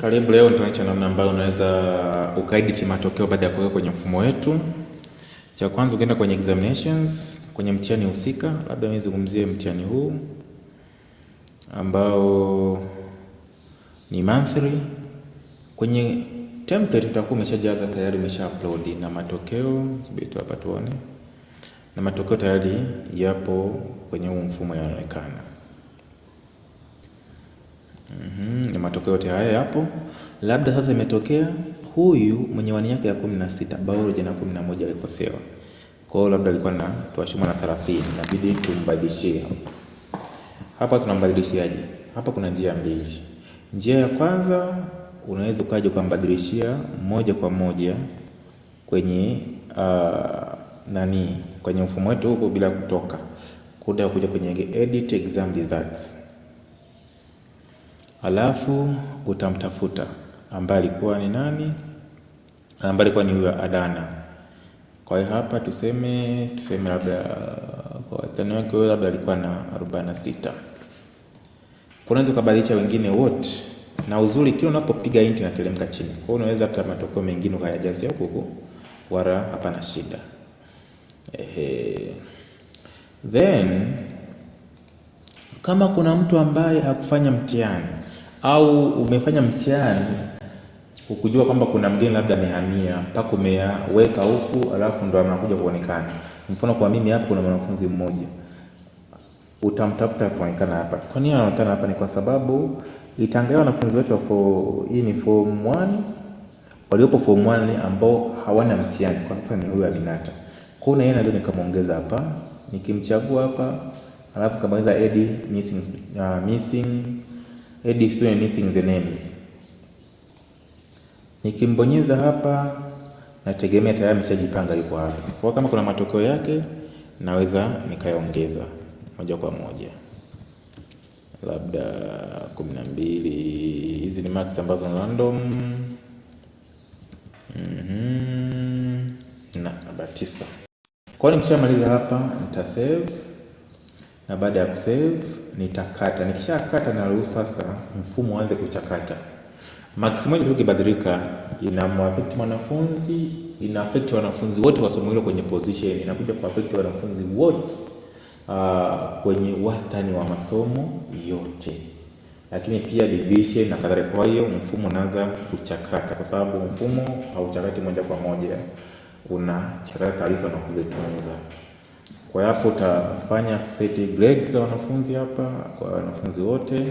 Karibu, leo nitaonyesha namna ambayo unaweza ukaedit matokeo baada ya kuweka kwenye mfumo wetu. Cha kwanza ukienda kwenye examinations, kwenye mtihani husika, labda nizungumzie mtihani huu ambao ni monthly. Kwenye template utakuwa umeshajaza tayari, umesha upload na matokeo bitu hapa tuone, na matokeo tayari yapo kwenye huu mfumo yanaonekana. Mm -hmm. Na matokeo yote haya yapo, labda sasa imetokea huyu mwenye wani yake ya kumi na sita biology na kumi na moja alikosewa, kwa hiyo labda alikuwa na tuashuma na 30 inabidi tumbadilishie. Hapa tunambadilishiaje? Hapa kuna njia mbili. Njia ya kwanza unaweza ukaja ukambadilishia moja kwa moja kwenye uh, nani kwenye mfumo wetu huko bila kutoka kuda kuja kwenye edit exam results alafu utamtafuta ambaye alikuwa ni nani, ambaye alikuwa ni huyo Adana. Kwa hiyo hapa tuseme tuseme labda kwa wastani wake huyo labda alikuwa na 46. Kunaweza kubadilisha wengine wote, na uzuri kile unapopiga inti inateremka chini, kwa hiyo unaweza hata matokeo mengine ukayajazia huko, wala hapana shida. Ehe, then kama kuna mtu ambaye hakufanya mtihani au umefanya mtihani ukujua kwamba kuna mgeni labda amehamia mpaka umeweka huku, alafu ndo anakuja kuonekana. Mfano kwa mimi hapa kuna mwanafunzi mmoja utamtafuta kuonekana hapa. Kwa nini anaonekana hapa? Ni kwa sababu itangalia wanafunzi wetu wa form hii ni form 1 waliopo form 1 ambao hawana mtihani kwa sasa, ni huyu Aminata. Kwa hiyo na yeye nikamwongeza hapa, nikimchagua hapa, alafu kamaliza edi missing, uh, missing hadi still missing the names. Nikimbonyeza hapa nategemea tayari ameshajipanga yuko hapa. Kwa kama kuna matokeo yake naweza nikayaongeza moja kwa moja, labda kumi na mbili. Hizi ni max ambazo random mm -hmm. na labda tisa. Kwa nikishamaliza hapa nita save na baada ya kusave nitakata. Nikishakata naruhusu sasa mfumo uanze kuchakata. Maksi moja tukibadilika, inamwafekti mwanafunzi, affect wanafunzi wote wa somo hilo kwenye position, inakuja kuafekti wanafunzi wote uh, kwenye wastani wa masomo yote, lakini pia division na kadhalika. Kwa hiyo mfumo unaanza kuchakata, kwa sababu mfumo hauchakati moja kwa moja, unachakata taarifa na kuzitunza. Kwa hiyo hapo utafanya kuseti grades za wanafunzi hapa kwa wanafunzi wote.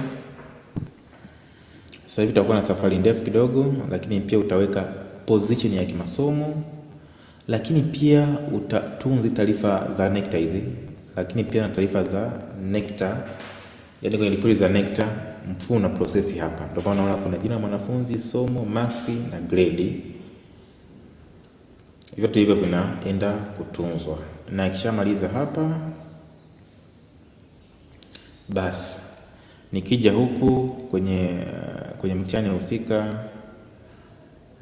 Sasa hivi tutakuwa na safari ndefu kidogo, lakini pia utaweka position ya kimasomo, lakini pia utatunzi taarifa za NECTA hizi, lakini pia na taarifa za NECTA, yani kwenye ripoti za NECTA mfumo na prosesi hapa. Ndio maana unaona kuna jina la mwanafunzi, somo, maksi na grade vyote hivyo vinaenda kutunzwa, na ikishamaliza hapa, basi nikija huku kwenye kwenye mtihani husika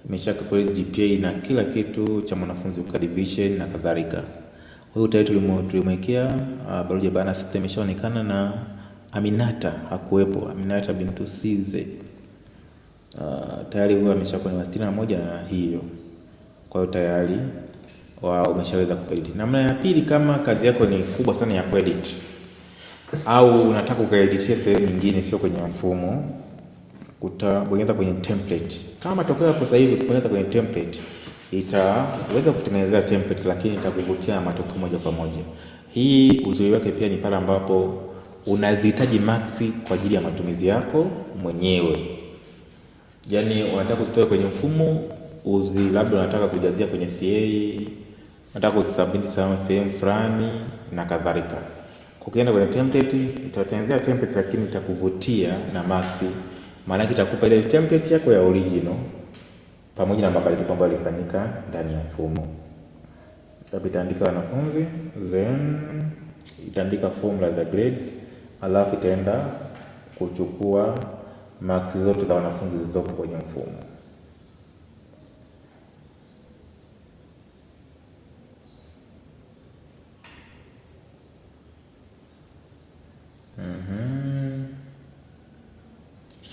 imesha calculate GPA na kila kitu cha mwanafunzi kwa division na kadhalika. Kwa hiyo tayari tulimwekea uh, biolojia bana system imeshaonekana na Aminata hakuwepo, Aminata bintu Size. Uh, tayari huyo ameshakuwa ni sitini na hiyo kwa hiyo tayari wa umeshaweza kuedit. Namna ya pili, kama kazi yako ni kubwa sana ya kuedit au unataka ukaeditia sehemu nyingine, sio kwenye mfumo, utabonyeza kwenye template. Kama matokeo yako sasa hivi kubonyeza kwenye template, itaweza kutengenezea template, lakini itakuvutia matokeo moja kwa moja. Hii uzuri wake pia ni pale ambapo unazihitaji max kwa ajili ya matumizi yako mwenyewe, yaani unataka kuzitoa kwenye mfumo uzi labda unataka kujazia kwenye CA, unataka kuzisubmit sehemu fulani na kadhalika. Ukienda kwenye template, itatengenezea template lakini itakuvutia na max, maana itakupa ile template yako ya original pamoja na mabadiliko ambayo yalifanyika ndani ya mfumo. Itaandika wanafunzi then itaandika formula za grades, alafu itaenda kuchukua marks zote za wanafunzi zilizopo kwenye mfumo.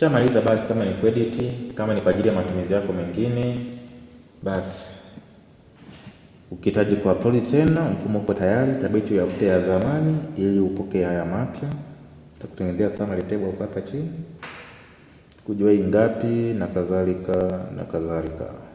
Ukishamaliza basi, kama ni credit, kama ni kwa ajili ya matumizi yako mengine, basi ukihitaji kuupload tena, mfumo uko tayari, tabiti uyafute ya zamani ili upokee haya mapya. Takutengenezea summary table hapa chini, kujua ingapi na kadhalika na kadhalika.